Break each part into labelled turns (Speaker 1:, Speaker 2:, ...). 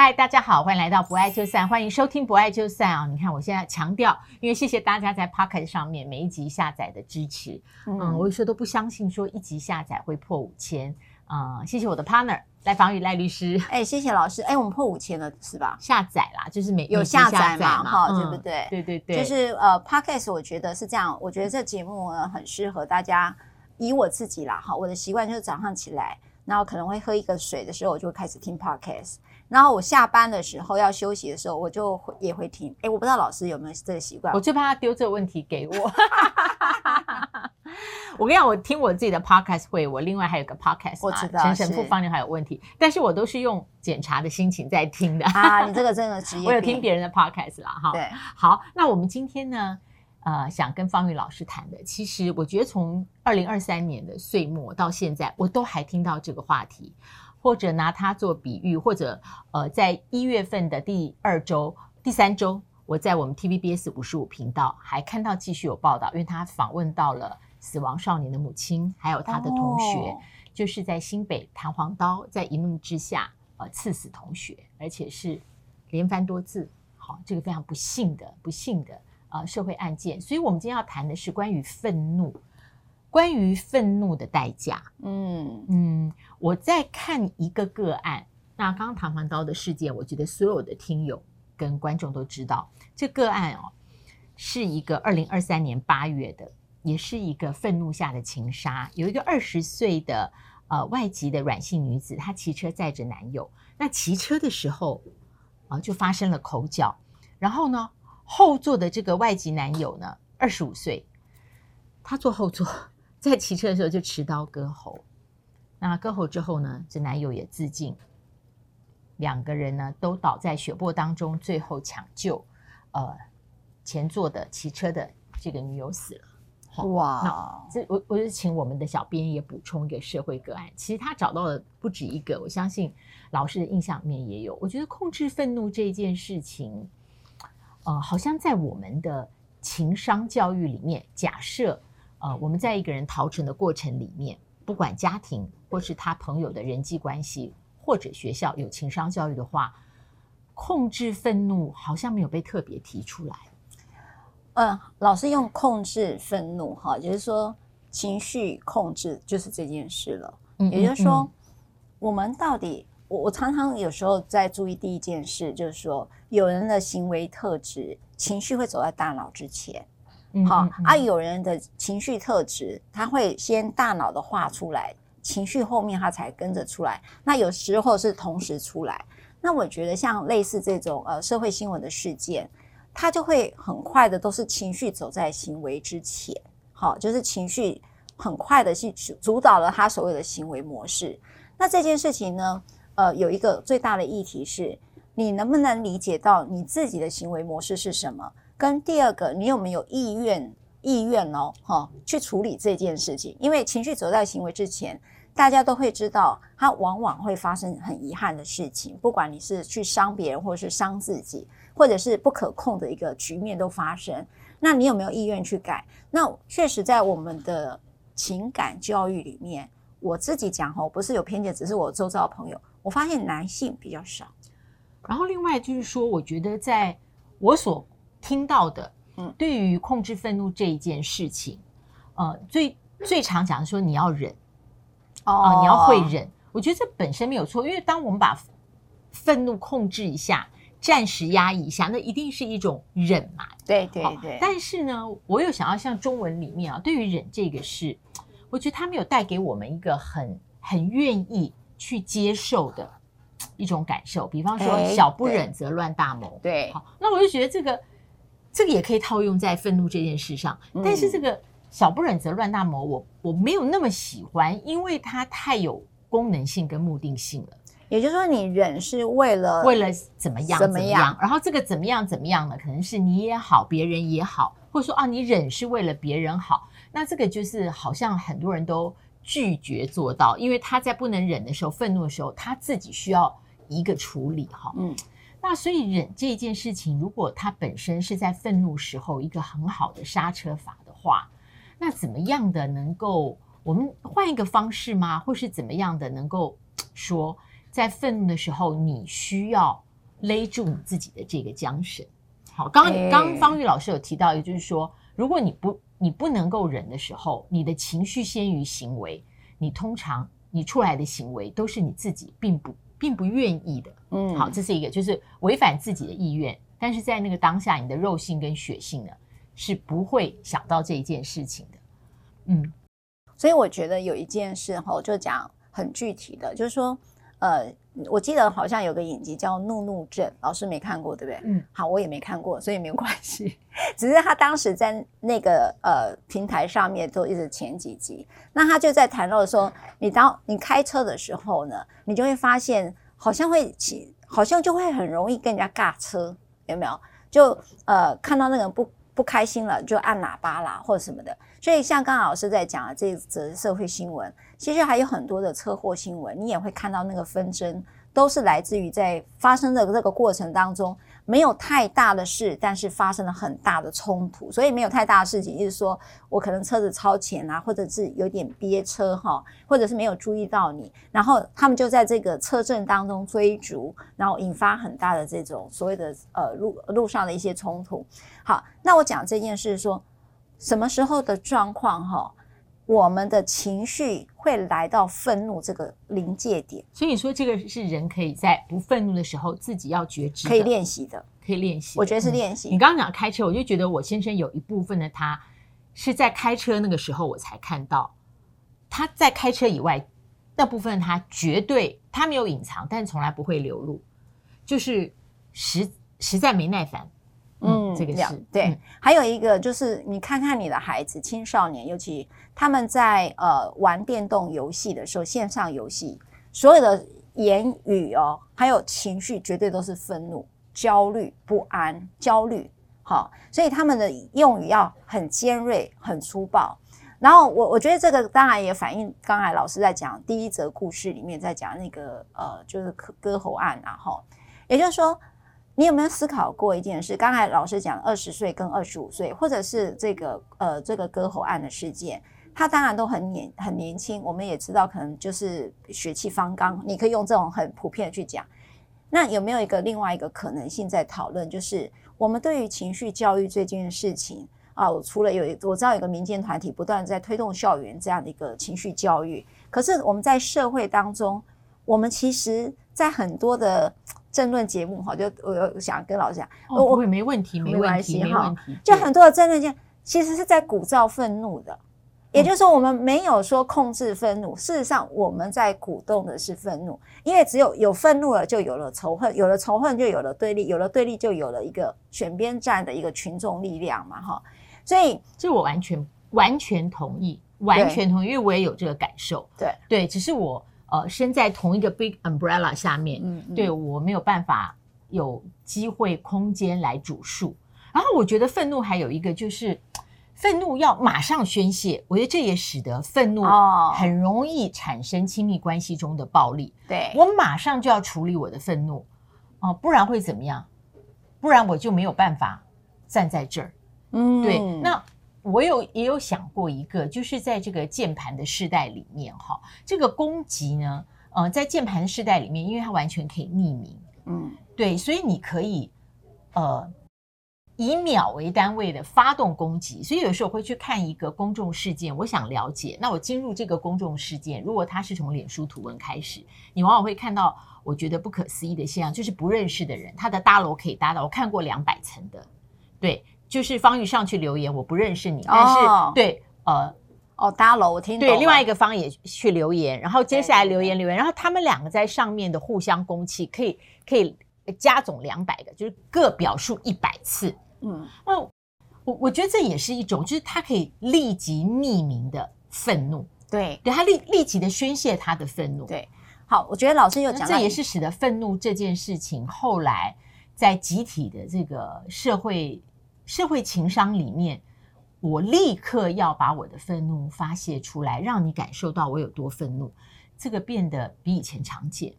Speaker 1: 嗨，大家好，歡迎來到《不愛就散》，歡迎收聽《不愛就散》啊，哦，你看我現在強調，因為謝謝大家在 Podcast 上面每一集下載的支持。嗯，嗯，我有時候都不相信，說一集下載會破五千啊！謝謝我的 Partner，賴芳玉賴律師。哎，謝謝老師。哎，我們破五千了，是吧？下載啦，就是每有下載嘛，哈、哦，對不對？嗯、對對對，就是
Speaker 2: 呃，Podcast 我覺得是這樣，我覺得這節目呢很適合大家。以我自己啦，哈，我的習慣就是早上起來，然後可能會喝一個水的時候，我就會開始聽 Podcast。然後我下班的時候要休息的時候，我就會也會聽。哎，我不知道老師有沒有這個習慣。我最怕
Speaker 1: 他丟這個問題給我。
Speaker 2: 我跟你講，我聽我自己的 podcast
Speaker 1: 會，我另外還有個 podcast，我知道。全省不方便還有問題，但是我都是用檢查的心情在聽的。啊， 你這個真的職業。我有聽別人的 podcast 了哈。對。好，那我們今天呢，呃，想跟芳玉老師談的，其實我覺得從二零二三年的歲末到現在，我都還聽到這個話題。或者拿它做比喻，或者呃，在一月份的第二週、第三週，我在我們 TVBS 五十五頻道還看到繼續有報道，因為他訪問到了死亡少年的母親，還有他的同學，哦、就是在新北彈簧刀，在一怒之下呃刺死同學，而且是連番多次，好、哦，這個非常不幸的不幸的呃社會案件，所以我們今天要談的是關於憤怒。關於憤怒的代價，嗯嗯，我在看一個個案。那剛剛彈簧刀的事件，我覺得所有的聽友跟觀眾都知道這個、個案哦，是一個二零二三年八月的，也是一個憤怒下的情殺。有一個二十歲的呃外籍的阮姓女子，她騎車載着男友，那騎車的時候啊，就發生了口角。然後呢，後座的這個外籍男友呢，二十五歲，他坐後座。在騎車的時候就持刀割喉，那割喉之後呢，這男友也自盡，兩個人呢都倒在血泊當中。最後搶救，呃，前座的騎車的這個女友死了。哇！這、wow. 那我我就請我們的小編也補充一個社會個案，其實他找到的不止一個，我相信老師的印象裡面也有。我覺得控制憤怒這件事情，呃，好像在我們的情商教育裡面，假設。呃，我們在一個人陶成的過程裡面，不管家庭或是他朋友的人際關係，或者學校有情商教育的話，
Speaker 2: 控制憤怒好像沒有被特別提出來。嗯，老師用控制憤怒哈，就是說情緒控制就是這件事了。嗯，嗯，嗯，也就是說，我們到底，我我常常有時候在注意第一件事，就是說有人的行為特質，情緒會走在大腦之前。嗯嗯嗯好，啊，有人的情緒特質，他會先大腦的畫出來，情緒後面他才跟着出來。那有時候是同時出來。那我覺得像類似這種呃社會新聞的事件，他就會很快的都是情緒走在行為之前。好，就是情緒很快的去主導了他所有的行為模式。那這件事情呢，呃，有一個最大的議題是，你能不能理解到你自己的行為模式是什麼？跟第二個，你有沒有意願意願哦，哈，去處理這件事情？因為情緒走在行為之前，大家都會知道，它往往會發生很遺憾的事情，不管你是去傷別人，或者是傷自己，或者是不可控的一個局面都發生。那你有沒有意願去改？那確實在我們的情感教育裡面，我自己講哦、喔，不是有偏見，只是我周遭的朋友，我發現男性比較少。然後另外就是說，我覺得在我所聽到的，對於
Speaker 1: 控制憤怒這一件事情，嗯、呃，最最常講的是說你要忍，哦、呃，你要會忍。我覺得這本身沒有錯，因為當我們把憤怒控制一下，暫時壓抑一下，那一定是一種忍嘛。對對對、哦。但是呢，我又想要像中文裡面啊，對於忍這個事，我覺得它沒有帶給我們一個很很願意去接受的一種感受。比方說“哎、小不忍則亂大謀對”，對。好，那我就覺得這個。這個也可以套用在憤怒這件事上，嗯、但是這個小不忍則亂大謀，我我沒有那麼喜歡，因為它太有功能性跟目的性了。
Speaker 2: 也就是說，你忍是為了為了怎麼樣怎麼樣，怎麼樣，
Speaker 1: 然後這個怎麼樣怎麼樣呢？可能是你也好，別人也好，或者說啊，你忍是為了別人好，那這個就是好像很多人都拒絕做到，因為他在不能忍的時候，憤怒的時候，他自己需要一個處理哈、哦。嗯。那所以忍這件事情，如果它本身是在憤怒時候一個很好的剎車法的話，那怎麼樣的能夠我們換一個方式嗎？或是怎麼樣的能夠說在憤怒的時候，你需要勒住你自己的這個韁繩？好，剛剛剛剛芳玉老師有提到，也就是說，如果你不你不能夠忍的時候，你的情緒先於行為，你通常你出來的行為都是你自己並不。並不願意的，嗯，好，這是一個就是違反自己的意願，但是在那個當下，你的肉性跟血性呢，是不會想到這一件事情的，
Speaker 2: 嗯，所以我覺得有一件事哈，我就講很具體的，就是說。呃，我記得好像有個影集叫《怒怒症》，老師沒看過，對不對？嗯，好，我也沒看過，所以沒有關係。 只是他當時在那個呃平台上面都一直前幾集，那他就在談論說，你當你開車的時候呢，你就會發現好像會起，好像就會很容易跟人家尬車，有沒有？就呃看到那個人不不開心了，就按喇叭啦或者什麼的。所以像剛剛老師在講的這則社會新聞，其實還有很多的車禍新聞，你也會看到那個紛爭，都是來自於在發生的這個過程當中沒有太大的事，但是發生了很大的衝突。所以沒有太大的事情，就是說我可能車子超前啊，或者是有點憋車哈，或者是沒有注意到你，然後他們就在這個車陣當中追逐，然後引發很大的這種所謂的呃路路上的一些衝突。好，那我講這件事說。什麼時候的狀況哈，我們的情緒會來到憤怒這個臨界點。
Speaker 1: 所以你說這個是人可以在不憤怒的時候自己要覺知，可以練習的，可以練習。我覺得是練習。嗯。你剛剛講開車，我就覺得我先生有一部分的，他是在開車那個時候我才看到，他在開車以外那部分他絕對他沒有隱藏，但從來不會流露，就是實實在沒耐煩。嗯，這個是，對，嗯、
Speaker 2: 還有一個就是，你看看你的孩子、嗯，青少年，尤其他們在呃玩電動遊戲的時候，線上遊戲，所有的言語哦，還有情緒，絕對都是憤怒、焦慮、不安、焦慮，齁，所以他們的用語要很尖銳、很粗暴。然後我我覺得這個當然也反映剛才老師在講第一則故事裡面在講那個呃，就是割喉案、啊，然後也就是說。你有沒有思考過一件事？剛才老師講二十歲跟二十五歲，或者是這個呃這個割喉案的事件，他當然都很年很年輕。我們也知道，可能就是血氣方剛。你可以用這種很普遍的去講。那有沒有一個另外一個可能性在討論？就是我們對於情緒教育最近的事情啊，我除了有我知道有一個民間團體不斷在推動校園這樣的一個情緒教育，可是我們在社會當中，我們其實在很多的。政論節目哈，就我想跟老師講、哦，我會
Speaker 1: 沒問題，沒關係哈。
Speaker 2: 就很多的政論節目，其實是在鼓噪憤怒的、嗯，也就是說，我們沒有說控制憤怒，事實上我們在鼓動的是憤怒，因為只有有憤怒了，就有了仇恨，有了仇恨就有了對立，有了對立就有了一個選邊站的一個群眾力量嘛哈。所以，這我完全完全同意，完全同意，因為我也有這個感受。
Speaker 1: 對對，只是我。呃，身在同一個 big umbrella 下面，嗯、對、我沒有辦法有機會空間來煮樹、嗯。然後我覺得憤怒還有一個就是，憤怒要馬上宣泄。我覺得這也使得憤怒很容易產生親密關係中的暴力。對、哦、我馬上就要處理我的憤怒、呃、不然會怎麼樣？不然我就沒有辦法站在這兒。
Speaker 2: 嗯，對，那。
Speaker 1: 我有也有想過一個，就是在這個鍵盤的世代裡面，哈，這個攻擊呢，呃，在鍵盤的世代裡面，因為它完全可以匿名，嗯，對，所以你可以，呃，以秒為單位的發動攻擊，所以有時候我會去看一個公眾事件，我想了解，那我進入這個公眾事件，如果它是從臉書圖文開始，你往往會看到我覺得不可思議的現象，就是不認識的人，他的大樓可以搭到，我看過兩百層的，對。就是方宇上去留言，我不認識你，但是對呃哦，大、呃哦、樓，我聽對另外一個方也去留言，然後接下來留言留言，然後他們兩個在上面的互相攻擊，可以可以加總兩百個，就是各表述一百次。嗯，那我我覺得這也是一種，就是他可以立即匿名的憤怒，對，對他立立即的宣泄他的憤怒。對，好，我覺得老師又講這也是使得憤怒這件事情後來在集體的這個社會。社會情商裡面，我立刻要把我的憤怒發洩出來，讓你感受到我有多憤怒。這個變得比以前常見。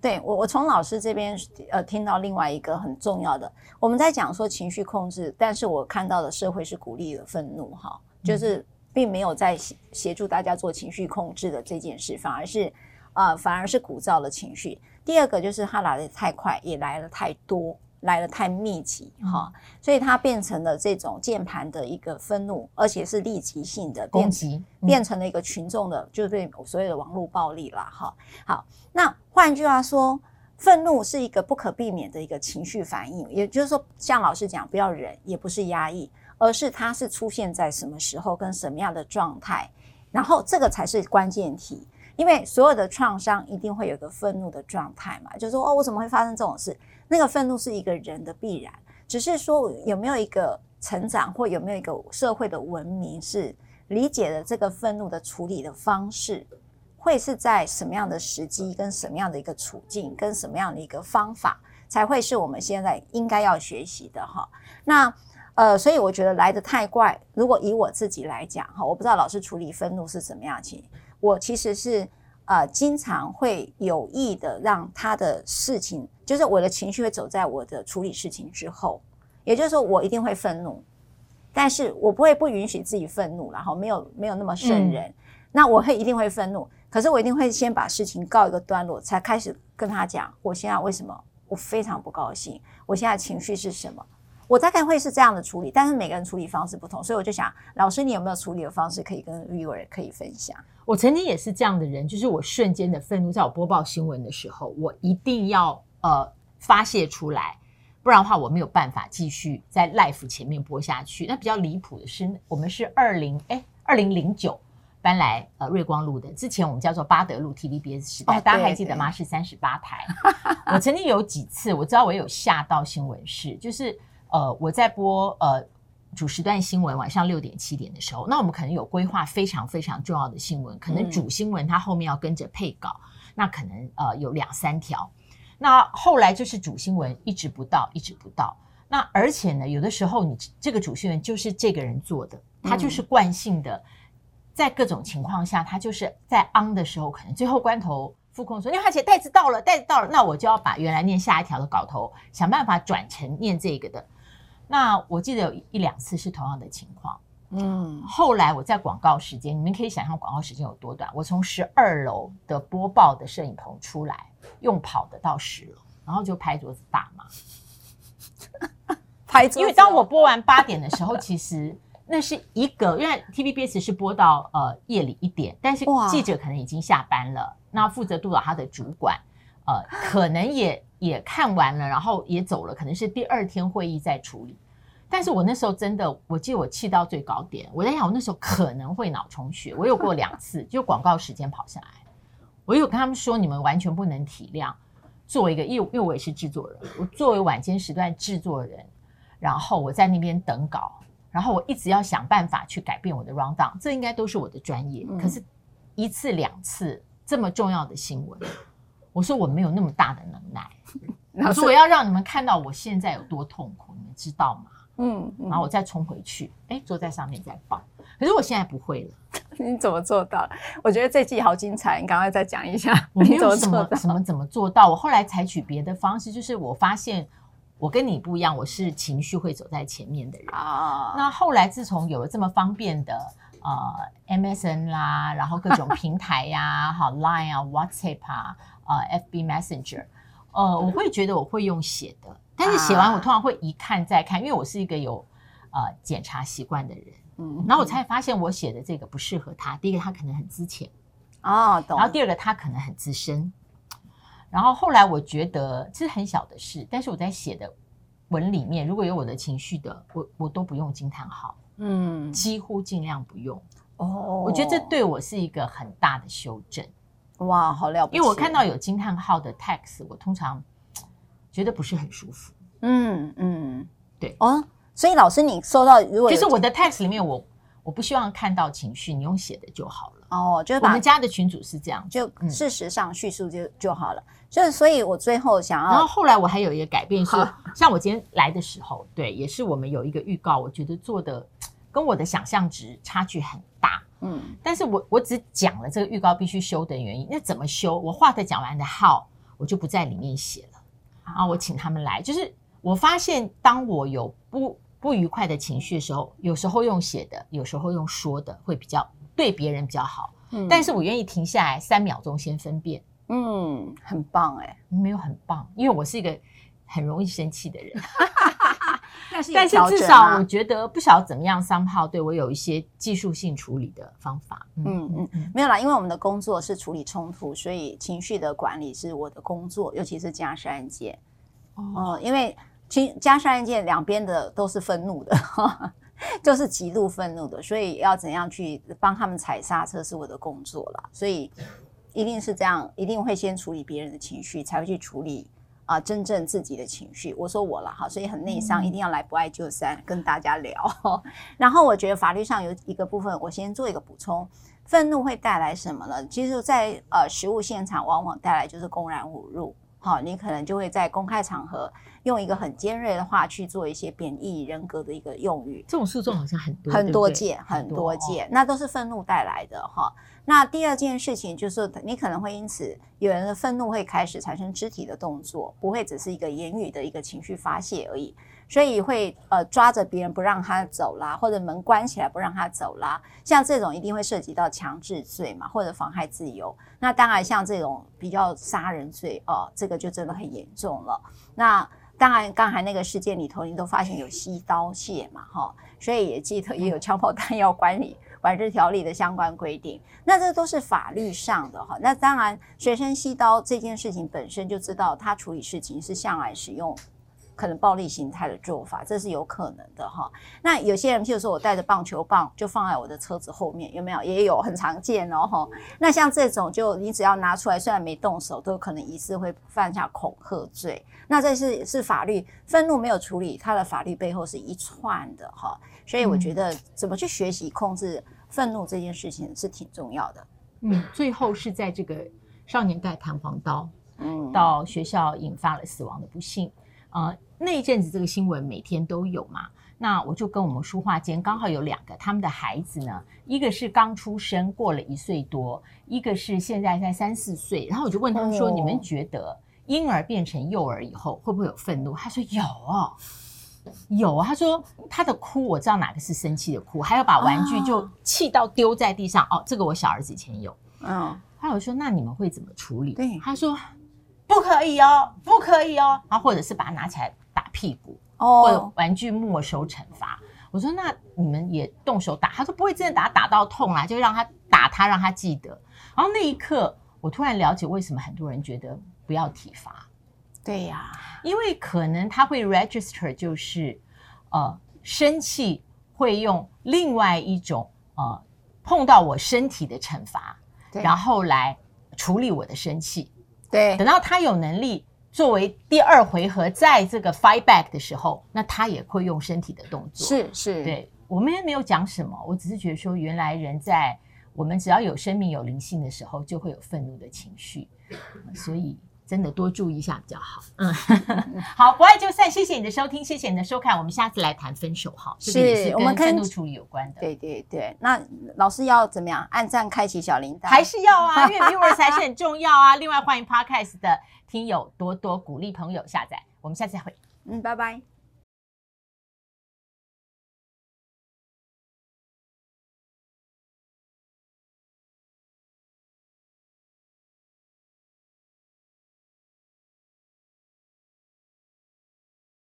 Speaker 2: 對我，我從老師這邊呃聽到另外一個很重要的，我們在講說情緒控制，但是我看到的社會是鼓勵的憤怒，哈，就是並沒有在協助大家做情緒控制的這件事，反而是啊、呃，反而是鼓噪了情緒。第二個就是它來的太快，也來的太多。來的太密集哈、哦，所以它變成了這種鍵盤的一個憤怒，而且是立即性的變、攻擊、嗯，變成了一個群眾的，就是對所有的網絡暴力了哈、哦。好，那換句話說，憤怒是一個不可避免的一個情緒反應，也就是說，像老師講，不要忍，也不是壓抑，而是它是出現在什麼時候跟什麼樣的狀態，然後這個才是關鍵題，因為所有的創傷一定會有一個憤怒的狀態嘛，就是、說哦，我怎麼會發生這種事？那個憤怒是一個人的必然，只是說有沒有一個成長或有沒有一個社會的文明是理解了這個憤怒的處理的方式，會是在什麼樣的時機、跟什麼樣的一個處境、跟什麼樣的一個方法才會是我們現在應該要學習的哈。那呃，所以我覺得來得太怪。如果以我自己來講哈，我不知道老師處理憤怒是怎麼樣，請我其實是。呃，經常會有意的讓他的事情，就是我的情緒會走在我的處理事情之後。也就是說，我一定會憤怒，但是我不會不允許自己憤怒，然後沒有沒有那麼聖人、嗯。那我會一定會憤怒，可是我一定會先把事情告一個段落，才開始跟他講我現在為什麼我非常不高興，我現在情緒是什麼。我大概會是這樣的處理，但是每個人處理方式不同，所以我就想，老師你有沒有處理的方式可以跟 viewers 可以分享？
Speaker 1: 我曾經也是這樣的人，就是我瞬間的憤怒，在我播報新聞的時候，我一定要呃發洩出來，不然的話我沒有辦法繼續在 life 前面播下去。那比較離譜的是，我們是二零誒二零零九搬來呃瑞光路的，之前我們叫做八德路 TVBS 時代，oh, 大家還記得嗎？對對，是三十八台。 我曾經有幾次，我知道我有下到新聞室，就是呃我在播呃。主時段新聞晚上六點七點的時候，那我們可能有規劃非常非常重要的新聞，可能主新聞它後面要跟着配稿，嗯、那可能呃有兩三條。那後來就是主新聞一直不到，一直不到。那而且呢，有的時候你這個主新聞就是這個人做的，他就是慣性的，嗯、在各種情況下，他就是在昂的時候，可能最後關頭副控說、嗯：“你看這帶子到了，帶子到了，那我就要把原來念下一條的稿頭想辦法轉成念這個的。”那我記得有一兩次是同樣的情況，嗯，後來我在廣告時間，你們可以想象廣告時間有多短。我從十二樓的播報的攝影棚出來，用跑的到十樓，然後就拍桌子大罵。 拍桌子，因為當我播完八點的時候， 其實那是一個，因為 TVBS 是播到呃夜裡一點，但是記者可能已經下班了，那負責督導他的主管，呃，可能也。 也看完了，然後也走了，可能是第二天會議再處理。但是我那時候真的，我記得我氣到最高點，我在想，我那時候可能會腦充血。我有過兩次，就廣告時間跑下來，我有跟他們說，你們完全不能體諒。作為一個，又因為我也是制作人，我作為晚間時段制作人，然後我在那邊等稿，然後我一直要想辦法去改變我的 rundown。這應該都是我的專業。嗯。可是，一次兩次這麼重要的新聞。我說我沒有那麼大的能耐，我說我要讓你們看到我現在有多痛苦，你知道嗎？嗯，嗯，然後我再衝回去，哎，坐在上面再抱。可是我現在不會了，你怎麼做到？我覺得這季好精彩，你趕快再講一下。你有什麼怎麼做到？怎麼怎麼做到？我後來採取別的方式，就是我發現我跟你不一樣，我是情緒會走在前面的人啊、哦。那後來自從有了這麼方便的、呃、MSN 啦，然後各種平台呀、啊， 好 Line 啊，WhatsApp 啊。啊、uh，FB Messenger，嗯、呃，我會覺得我會用寫的，但是寫完我通常會一看再看，啊、因為我是一個有呃檢查習慣的人，嗯，然後我才發現我寫的這個不適合他。嗯、第一個他可能很資淺，哦，懂。然後第二個他可能很資深，然後後來我覺得這是很小的事，但是我在寫的文裡面如果有我的情緒的，我我都不用驚嘆號，嗯，幾乎儘量不用，哦，我覺得這對我是一個很大的修正。哇，
Speaker 2: 好了！因為我看到
Speaker 1: 有驚嘆號的 text，我通常覺得不是
Speaker 2: 很舒服。嗯嗯，對哦，所以老師，你收到如果其實、就是、我的 text 裡面我，我我不
Speaker 1: 希望看到情緒，你用寫的就好
Speaker 2: 了。哦，就是我們家
Speaker 1: 的群主是這
Speaker 2: 樣，就事實上敘述就就好了。就是所以，我最後想要。然後後來我還有一個改變是，像我今天來的時候，
Speaker 1: 對，也是我們有一個預告，我覺得做的跟我的想象值差距很大。嗯，但是我我只講了這個預告必須修的原因。那怎麼修？我話的講完的好，我就不在裡面寫了啊。我請他們來，就是我發現，當我有不不愉快的情緒的時候，有時候用寫的，有時候用說的，會比較對別人比較好。嗯，但是我願意停下來三秒鐘先分辨。嗯，很棒哎、欸，沒有很棒，因為我是一個很容易生氣的人
Speaker 2: 但是，啊、但是至少我
Speaker 1: 覺得不曉得怎麼樣三炮對我有一些技術性處理的方法。嗯嗯，
Speaker 2: 嗯，沒有啦，因為我們的工作是處理衝突，所以情緒的管理是我的工作，尤其是家事案件。哦，呃、因為情家事案件兩邊的都是憤怒的，呵呵就是極度憤怒的，所以要怎樣去幫他們踩剎車是我的工作了。所以一定是這樣，一定會先處理別人的情緒，才會去處理。啊，真正自己的情緒，我說我了哈，所以很內傷，嗯，一定要來不愛就散跟大家聊。 然後我覺得法律上有一個部分，我先做一個補充，憤怒會帶來什麼呢？其實在，在呃實務現場，往往帶來就是公然侮辱，好，你可能就會在公開場合。用一個很尖銳的話去做一些貶義人格的一個用語，這種訴訟好像很多對不對，很多件，很多件，哦、那都是憤怒帶來的哈。那第二件事情就是，你可能會因此有人的憤怒會開始產生肢體的動作，不會只是一個言語的一個情緒發泄而已。所以會呃抓着別人不讓他走啦，或者門關起來不讓他走啦。像這種一定會涉及到強制罪嘛，或者妨害自由。那當然像這種比較殺人罪哦、啊，這個就真的很嚴重了。那。當然，剛才那個事件裡頭，你都發現有吸刀械嘛，哈，所以也記得也有槍炮彈藥管理管制條例的相關規定，那這都是法律上的哈。那當然，學生吸刀這件事情本身就知道，他處理事情是向來使用。可能暴力形態的做法，這是有可能的哈。那有些人譬如說我帶着棒球棒就放在我的車子後面，有沒有？也有，很常見哦。那像這種，就你只要拿出來，雖然沒動手，都可能疑似會犯下恐嚇罪。那這是是法律，憤怒沒有處理，它的法律背後是一串的哈。所以我覺得怎麼去學習控制憤怒這件事情是挺重要的。嗯，最後是在這個
Speaker 1: 少年帶彈簧刀，嗯，到學校引發了死亡的不幸。呃，那一陣子這個新聞每天都有嘛，那我就跟我們書畫間剛好有兩個，他們的孩子呢，一個是剛出生過了一歲多，一個是現在在三四歲，然後我就問他們說、哎：“你們覺得嬰兒變成幼兒以後會不會有憤怒？”他說有：“有哦，有啊。”他說他的哭我知道哪個是生氣的哭，還要把玩具就氣到丟在地上。哦，哦，這個我小兒子以前有。嗯、哦，他有說，那你們會怎麼處理？對，他說。不可以哦，不可以哦，啊或者是把他拿起來打屁股，oh. 或者玩具沒收懲罰。我說那你們也動手打，他說不會真的打，打到痛啦，啊，就讓他打他，讓他記得。然後那一刻，我突然了解為什麼很多人覺得不要體罰。對呀，啊，因為可能他會 register 就是呃生氣會用另外一種呃碰到我身體的懲罰，對，然後來處理我的生氣。對，等到他有能力作為第二回合在這個 fight back 的時候，那他也會用身體的動作。是是，對，我們也沒有講什麼，我只是覺得說，原來人在我們只要有生命、有靈性的時候，就會有憤怒的情緒，嗯，所以。真的多注意一下比較好。嗯， 好，不愛就散。謝謝你的收聽，謝謝你的收看。我們下次來談分手好，謝謝我們跟憤怒處理
Speaker 2: 有關的。對對對，那老師要怎麼樣？按讚，開啟小鈴鐺，還是要啊？ 因為 viewers 才是很
Speaker 1: 重要啊。另外，歡迎 podcast 的聽友多多鼓勵朋友下載。我們下次再會。嗯，拜拜。